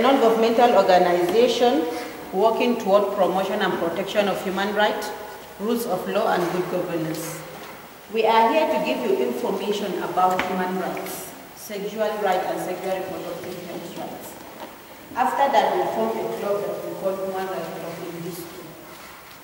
a non-governmental organization working toward promotion and protection of human rights, rules of law and good governance. We are here to give you information about human rights, sexual rights and sexual reproductive health rights. After that, we formed a club that we call Human Rights Club in this school.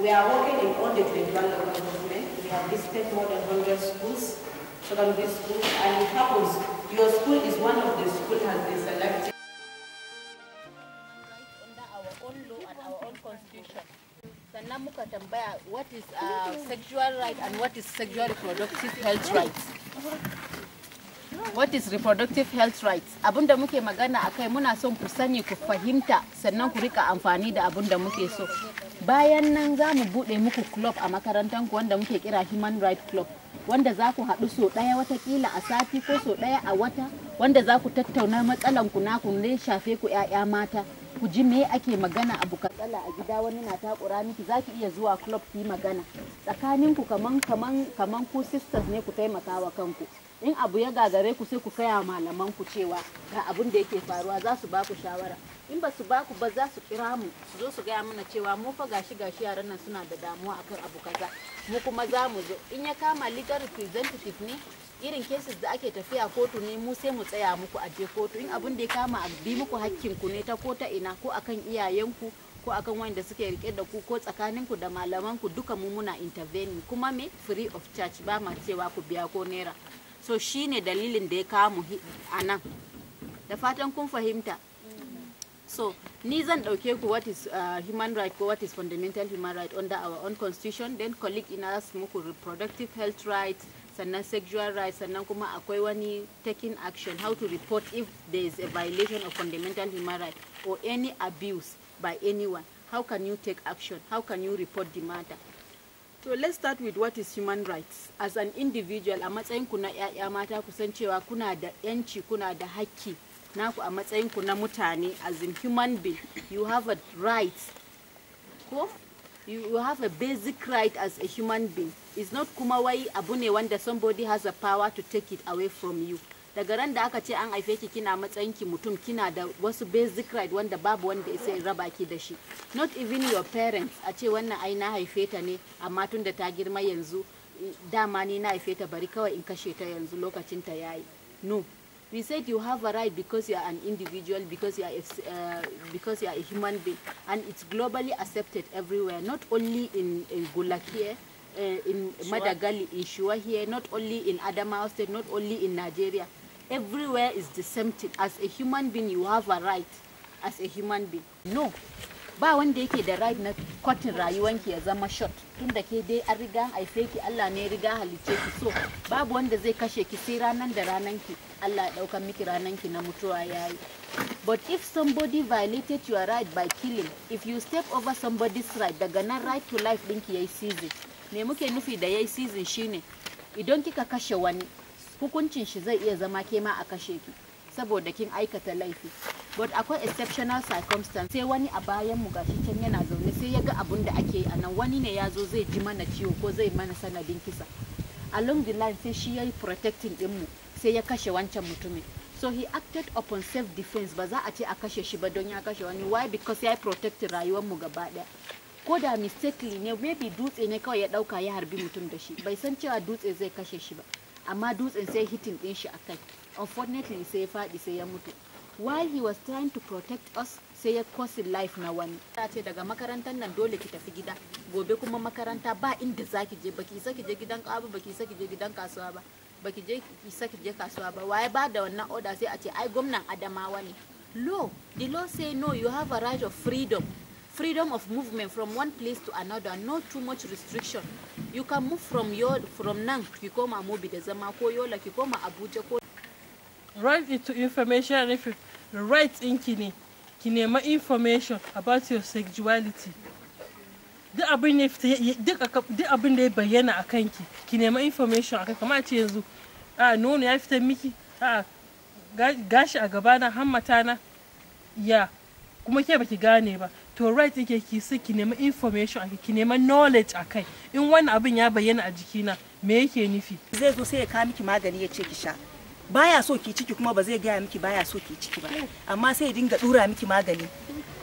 We are working in all the 21 local governments. We have visited more than 100 schools, secondary schools, and it happens your school is one of the schools that has been selected. nutrition sannan muka tambaya what is uh, sexual right and what is sexual reproductive health rights what is reproductive health rights da muke magana akai muna son ku sani ku fahimta sannan ku rika amfani da da muke so bayan nan za mu buɗe muku club a makarantar ku wanda muke kira human Rights club wanda za ku haɗu so ɗaya watakila a sati ko so ɗaya a wata wanda za ku tattauna matsalan ku naku ne shafe ku 'ya'ya mata ku ji me ake magana abu katsala a gida wani na takura miki zaki iya zuwa club ki magana tsakanin ku kaman kaman kaman ku sisters ne ku taimaka wa kanku in abu ya gagare ku sai ku kaya malaman ku cewa ga abin da yake faruwa za su ba ku shawara in ba su ba ku ba za su kira mu su zo su gaya mana cewa mu fa gashi gashi yaran nan suna da damuwa akan abu kaza mu kuma za mu zo in ya kama legal representative ne irin cases da ake tafiya kotu ne mu sai mu tsaya muku a je kotu in abin da ya kama a bi muku hakkin ku ne ta ko ta ina ko akan iyayenku ko akan wanda suke rike da ku ko tsakaninku da malamanku duka mu muna intervening kuma me free of charge ba ma cewa ku biya ko naira so shine dalilin da ya kamu a nan da fatan kun fahimta so ni zan dauke ku what is uh, human right ko what is fundamental human right under our own constitution then colleague ina su muku reproductive health rights sannan sexual rights sannan kuma akwai wani taking action how to report if there is a violation of fundamental human rights or any abuse by anyone how can you take action how can you report the matter So let's start with what is human rights as an individual a na na 'ya'ya mata kusan cewa kuna da 'yanci kuna da hakki naku a matsayinku na mutane as in human being you have a right ko you have a basic right as a human being it's not kuma wai abu ne wanda somebody has a power to take it away from you daga ran da aka ce an haife ki kina matsayin ki mutum kina da wasu basic right wanda babu wanda isa ya raba ki da shi not even your parents a ce wannan ai na haife ta ne amma tun da ta girma yanzu dama ni na haife ta bari kawai in kashe ta yanzu lokacin ta yayi no We said you have a right because you are an individual, because you are, uh, because you are a human being. And it's globally accepted everywhere, not only in, in here, uh, in Madagali, in Shua here, not only in Adamawa State, not only in Nigeria. Everywhere is the same thing. As a human being, you have a right as a human being. No, ba wanda yake da right na kwatin rayuwanki ya zama short tunda ke dai an riga an haife ki Allah ne riga halicce ki so babu wanda zai kashe ki sai ranan da ranan ki Allah ya dauka miki ranan ki na mutuwa yayi but if somebody violated your right by killing if you step over somebody's right daga nan right to life ki yayi season me muke nufi da yayi season shine idan kika kashe wani hukuncin shi zai iya zama kema a kashe ki saboda kin aikata laifi but akwai exceptional circumstance sai wani a bayan mu gashi can yana zaune sai ya ga abun da ake a nan wani ne ya zo zai ji mana ciwo ko zai mana sanadin kisa along the line sai shi ya yi protecting mu sai ya kashe wancan mutumin so he acted upon self defense ba za a ce a kashe shi ba don ya kashe wani why because ya yi protecting rayuwar mu gaba daya ko da mistakenly ne maybe dutse ne kawai ya dauka ya harbi mutum da shi bai san cewa dutse zai kashe shi ba amma dutsen sai hitin din shi akai unfortunately sai ya faɗi sai ya mutu while he was trying to protect us sai ya kosin life na wani ta ce daga makarantar nan dole ki tafi gida gobe kuma makaranta ba inda zaki je baki isa ki je gidan abu baki isa ki je gidan kasuwa ba baki je ki isa ki je kasuwa ba waye ba da wannan order sai a ce ai gwamnan adamawa ne law the law say no you have a right of freedom freedom of movement from one place to another no too much restriction you can move from your from nan ki koma mobi da zama ko yola ki koma abuja ko right to information nufin right in ne ki nema information about your sexuality duk abin da ya bayyana a kanki ki nema information a kanki kamar ce yanzu a nono ya fitar miki a gashi a gabana hammata na ya kuma ke baki gane ba to right yake ki su ki nema information akai ki nema knowledge akai in wani abin ya bayyana a jikina me yake nufi zai zo sai ya ka miki magani ya ce ki sha baya so ki ciki kuma ba zai gaya miki baya so ki ciki ba amma sai ya dinga dura miki magani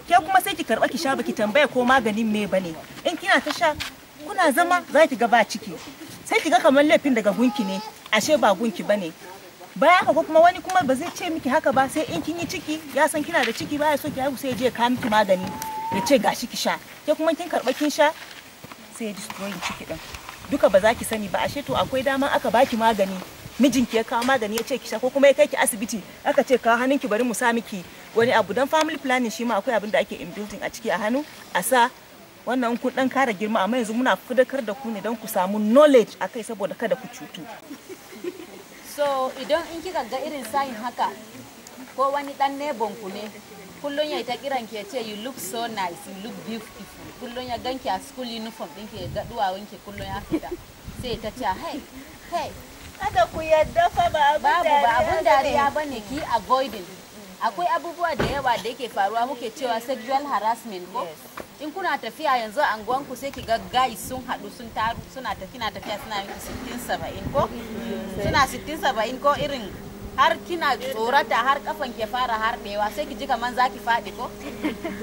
ke kuma sai ki karba ki sha baki tambaya ko maganin me bane in kina ta sha kuna zama za ki ga ba ciki sai ki ga kamar laifin daga gunki ne ashe ba gunki bane baya haka kuma wani kuma ba zai ce miki haka ba sai in kin yi ciki ya san kina da ciki baya so ki haihu sai ya je ka miki magani ya ce gashi ki sha ke kuma kin karba kin sha sai ya destroy ciki din duka ba za ki sani ba ashe to akwai dama aka baki magani mijinki ya kawo magani ya ce ki sha ko kuma ya kai ki asibiti aka ce kawo hannunki bari mu sa miki wani abu don family planning shi ma akwai abin da ake inbuilding a ciki a hannu a sa wannan kun dan kara girma amma yanzu muna fadakar da ku ne don ku samu knowledge akai saboda kada ku cutu so idan in kika ga irin sign haka ko wani dan nebon ku ne kullum ya ta kiran ki ya ce you look so nice you look beautiful kullum ya ganki a school uniform dinki ya ga ki kullum ya fita sai ta ce hey hey kada ku yadda fa ba abun dariya ba abun dariya bane ki avoiding akwai abubuwa da yawa da yake faruwa muke cewa sexual harassment ko in kuna tafiya yanzu a anguwanku sai ki ga guys sun haɗu sun taru suna tafi na tafiya suna miki sittin saba'in ko mm. suna sittin ko irin har kina tsorata har kafan ke fara harɗewa sai ki ji kaman za ki faɗi ko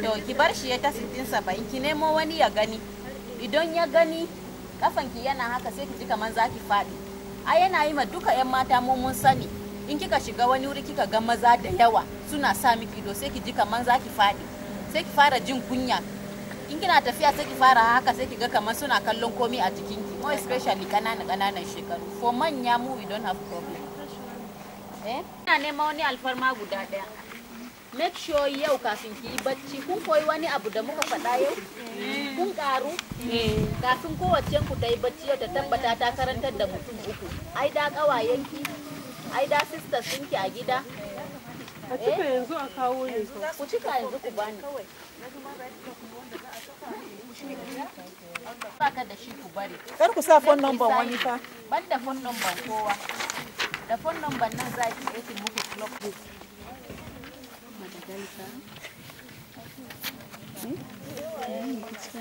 to ki bar shi ya ta sittin saba'in ki nemo wani ya gani idan ya gani kafan ki yana haka sai ki ji kaman za ki faɗi a yana yi ma duka 'yan mata mu mun sani in kika shiga wani wuri kika ga maza da yawa suna sa miki ido sai ki ji kaman za ki faɗi sai ki fara jin kunya in kina tafiya sai ki fara haka sai ki ga kamar suna kallon komi a jikinki more especially kananan kananan shekaru for manya mu we don't have problem eh ina neman wani alfarma guda daya make sure yau kafin ki yi bacci kun koyi wani abu da muka faɗa yau kun karu sun kowace ku ta yi bacci ta tabbata ta karantar da mutum uku ai da kawayenki ai da sisters ɗinki a gida a cika eh? yanzu a kawo ne ku cika yanzu ku bani baka da shi ku bari kar ku sa phone number wani fa ban da phone number kowa da phone number nan za ki yi muku clock book madagalka hmm?